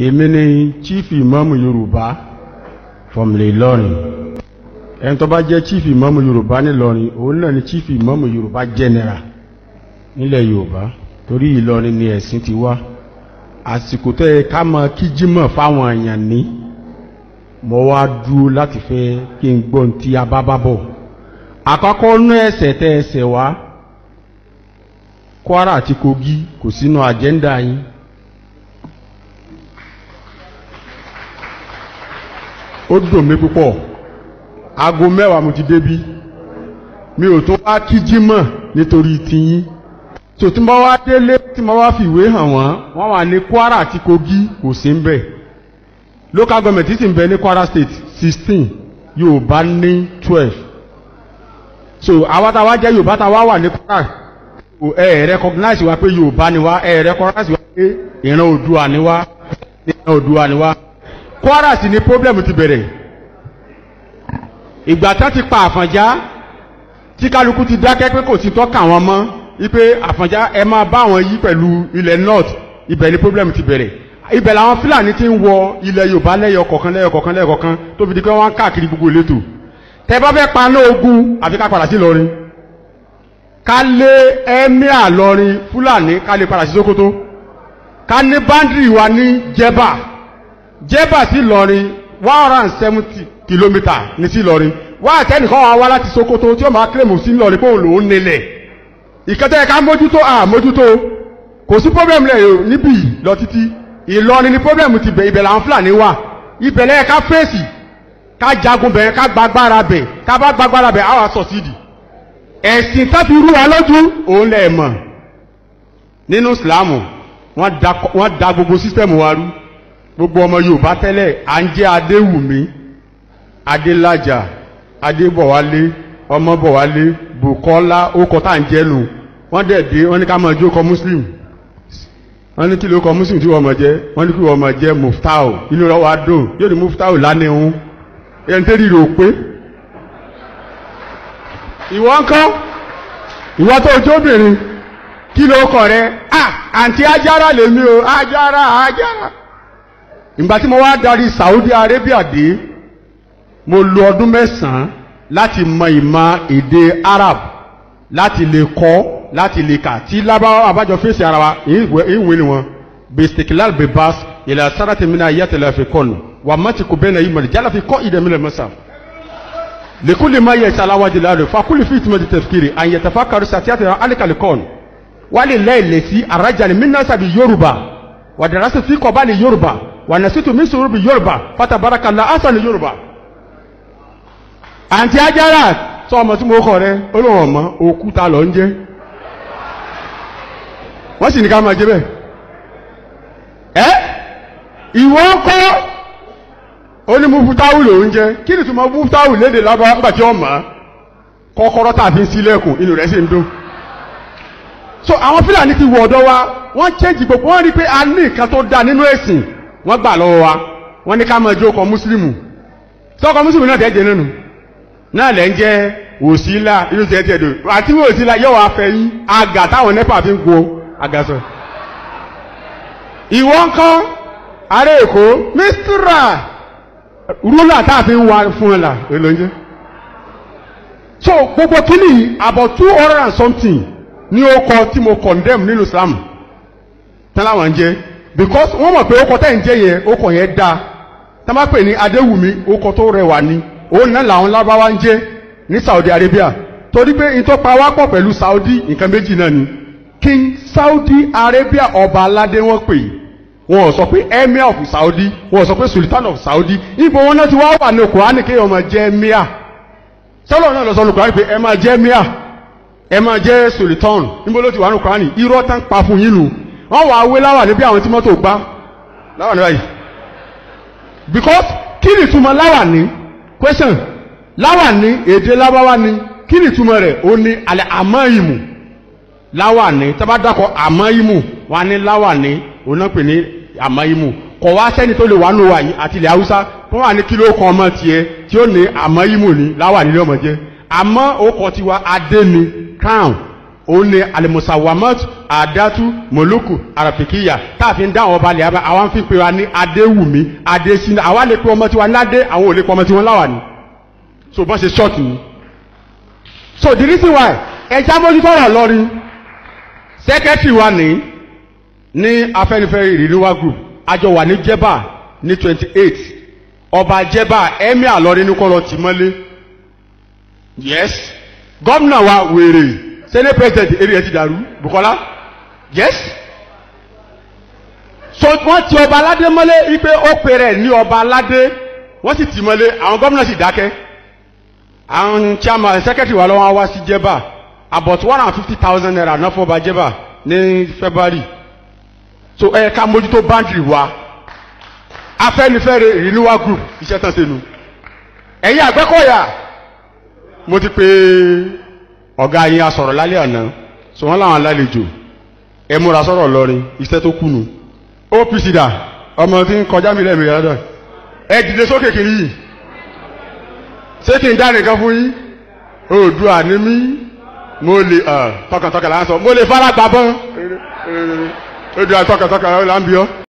èmi ni chief imam yorùbá from Ìlọrin ẹni tó bá jẹ́ chief imam yorùbá nílọrin òun náà ni chief imam yorùbá general nílẹ̀ yorùbá torí Ìlọrin ni ẹ̀sìn ti wá àsìkò tó yẹ ká mọ kí jímọ̀ fáwọn èèyàn ní mo wá dúró láti fẹ́ kí n gbọ́n tí a àkọ́kọ́ nú ẹsẹ̀ tẹ ẹsẹ̀ wá Kwara àti Kogi kò sínú àjẹ́ndà yín ó dùn mí púpọ̀ aago mẹ́wàá mo ti débí mi ò tún wá kí jímọ̀ nítorí tiyín tò tí mo wá délé tí mo wá fìwé hàn wọ́n wọ́n wà ní Kwara àti Kogi kò sí ń bẹ̀ local government sì ń bẹ ní Kwara state sixteen Yorùbá ní twelve so àwa tá a wá jẹ́ Yorùbá tá a wá wà ní Kwara ẹ ẹ recognize wa pé Yorùbá ni wa ẹ ẹ recognize wa pé ìran Oòduà ni wa ìran Oòduà ni wa. Kwara sì ni problem ti bẹ̀rẹ̀ ìgbà tán ti pa Àfọ̀njá tí kálukú ti dákẹ́ pé kò sí tọ́ka wọn mọ́ wípé Àfọ̀njá ẹ máa bá wọn yí pẹ̀lú ilẹ̀ north ibẹ̀ ni problem ti bẹ̀rẹ̀ ibẹ̀ làwọn Fúlàní ti ń wọ ilẹ̀ Yorùbá lẹ́yọ kọ̀ọ̀kan lẹ́yọ kọ̀ọ̀kan lẹ́yọ kọ̀ọ̀kan tó fi di pé wọ́n káàkiri gbogbo ìletò tẹ bá fẹ́ paná ogun àfi ká padà sí Ìlọrin ká lé ẹ́míà lọrin Fúlàní ká lè padà sí Sókótó ká ní báńdìrì wa ní Jẹ̀bà jébà sí Ìlọrin one hundred and seventy kilometre ní sí Ìlọrin wá àtẹnìkan wá wá láti Sokoto tí ó máa kírèmù sí Ìlọrin pé òun lòún nílẹ̀ ìkẹtẹ ẹ̀ka mójútó à mójútó kò sí pọ́blẹ́mù lẹ̀ níbí lọ títí Ìlọrin ni pọ́blẹ́mù ti bẹ̀ ibẹ̀ là ń Fúlàní wà ibẹ̀ lẹ́yẹ ká fèsì ká jagun bẹ̀ ká gbagbára bẹ̀ ká bá gbagbára bẹ̀ á wà sọ̀sídìí ẹ̀sìn tábí rú wa lójú òun lẹ̀ mọ̀ nínú ìsìlámù wọ́n da gbogbo sísítẹ̀mù wa rú gbogbo ọmọ yorùbá tẹ́lẹ̀ à ń jẹ́ adéwùmí adélájà adébọ̀wálé ọmọbọ̀wálé bùkọ́lá ókọ tá à ń jẹ́ nù wọ́n dẹ̀ dé wọ́n ní ká máa jókòó muslim wọ́n ní kí ló kọ muslim tí wọ́n mọ̀ jẹ́ wọ́n ní kí wọ́n mọ̀ jẹ́ muftau inú rẹ̀ wá dùn yóò ní muftau lánàá ń ẹni tẹ́ rí rò pé ìwọ ń kọ́ ìwọ tó jóbìnrin kí ló kọ̀ rẹ̀ à ah, àǹtí ajára lèmi o ajára ajára ìgbà tí mo wá darí Saudi Arabia dé mo lo ọdún mẹ́sàn-án láti mọ ìmọ̀ èdè Arab láti lè kọ́ láti lè kà tí lábáwá àbájọ fèsì ara wa ìwé ni wọn bestekilal bebas ìlà sáràtì mi náà yẹtẹlẹ fi kọ́ nù wà má ti kò bẹ́ẹ̀ náà yìí mọ̀lẹ́ jálá fi kọ́ ìdẹ̀mílẹ̀ mọ́sà lekuli ma yẹ salawaji la rẹ fakuli fi tuma di tafkiri an yẹ tafa kari satiyati na alikali kọn wali lẹyìn lẹsi arajani minna sabi Yorùbá wadarasi fi kọba ni Yorùbá wànàsítù mi sùúrù bí yorùbá pátábárakà la asan yorùbá àǹtí ajára sọ ọmọ tí mo kọ rẹ olóhùn ọmọ òkúta lọ ń jẹ wọ́n sì ní ká máa jẹ bẹ́ẹ̀ ẹ́ ìwọ kọ́ onímúfútáwù ló ń jẹ kí ni tùmọ̀ fútáwù léde lábá ńgbà ọmọ kọ́kọ́rọ́ tàbí sílẹ̀kùn inú rẹ̀ sì ń dún so àwọn fúlàní ti wọ̀ ọ̀dọ̀ wa wọ́n change gbogbo wọ́n rí i pé a ní nǹkan tó dáa nínú ẹ̀sìn wọ́n gbà lọ́wọ́ wa wọ́n ní ká máa jó ọkọ̀ mùsùlùmù sọ́kọ̀ mùsùlùmù náà tẹ́jẹ̀ nínú náà lẹ́ ń jẹ́ òsílà inú tẹ́ tẹ́ dò àti wọ́n òsílà yóò wá fẹ́ yín àgà táwọn nẹ́pà fi ń go àgà sọ. ìwọ ń kọ́ ará èkó mísírà rúlà tá a fi ń wa fún ẹ èlò ń jẹ́. so gbogbo kínní about two hundred and something ní o kọ tí mo condemn nínú Islam tẹ́lá wọn jẹ́ because wọ́n mọ̀ pé okọ̀ tẹ̀ ń jẹ́ yẹn okọ̀ yẹn dáa tá a máa pè ní adéwùmí okọ̀ tó rẹwà ni òun náà làwọn lábáwá ń jẹ́ ní Saudi Arabia torí pé n tó pa wá pọ̀ pẹ̀lú Saudi nǹkan méjì náà ni King Saudi Arabia ọba aládé wọ́n pè wọn ò sọ pé emir of Saudi wọn ò sọ pé sultan of Saudi ibo wọn náà ti wá wà ní Kùránì kéèyàn máa jẹ́ emir sọlọ náà lọ sọ ní Kùránì pé ẹ máa jẹ́ emir ẹ máa jẹ́ sultan níbo ló ti wà ní Kùránì irọ́ tán pa fún yín nù wọ́n wàá wé láwà níbi àwọn tí mọ́tò gbá láwà ní báyìí because kí ni ìtumọ̀ láwà ní question láwà ní èdè lábáwá ni kí ni ìtumọ̀ rẹ̀ ó ní alẹ́ àmọ́ ìmù láwà ní tábà dákọ̀ àmọ́ ìmù wà ní láwà ní òun náà pè ní àmọ́ ìmù kọ̀ wá sẹ́ni tó lè wà nù wáyé àti ilẹ̀ haúsá tó wà ní kí ló kan ọmọ tiẹ̀ tí ó ní àmọ́ ìmù ní láwà nílé ọmọ jẹ́ àmọ́ ó kọ tiwa adé ni crown òun ni alimusawamat adatu moluku arafikiya táàfin dá àwọn balẹ̀ abá àwọn fi pe wa ní adéwùmí adésínà àwa lè pe ọmọ tiwa ládé àwọn ò lè ọmọ tiwọn láwà ni so bọ́n ṣe ṣọ́ọ̀tì ni so the reason why ẹja mójútó ọ̀rọ̀ lọ́rin sẹ́kẹ́tì wa ní ní afẹ́nifẹ́re ìrìnnúwá group àjọ wà ní jẹ́bà ní twenty eight ọba jẹ́bà emir lọ́rin ní kọ́ lọ́ọ́ yes gómìnà wa wèrè tẹ́lẹ̀ president eré ẹ ti dàrú Bukola yes so wọ́n ti ọba aládé mọ́lé wípé ó pèrè ní ọba aládé wọ́n sì tì mọ́lé àwọn gómìnà sì dákẹ́ àwọn chairman secretary wa lọ́wọ́ wá sí jẹ́bà about one hundred fifty thousand naira náà fún ọba jẹ́bà ní February so ẹ ká mójútó boundary wa Afẹ́nifẹ́re renewal group iṣẹ́ tán sẹ́nu ẹ̀yin Àgbẹ̀kọ̀yà mo ti pè é ọ̀gá yín a sọ̀rọ̀ lálẹ́ àná so wọ́n láwọn alálejò ẹ múra sọ̀rọ̀ lọ́rin iṣẹ́ tó kùnú OPC dà ọmọ tí ń kọjá mi lẹ́mìí lọ́dọ̀ ẹ dìde sókè kiri yìí ṣé kí n dá nìkan fún yín oòdùà ni mí mo lè tọkàntọkàn láǹsọ mo lè fara gbà bọ́n oòdùà tọkàntọkàn láǹbíọ́.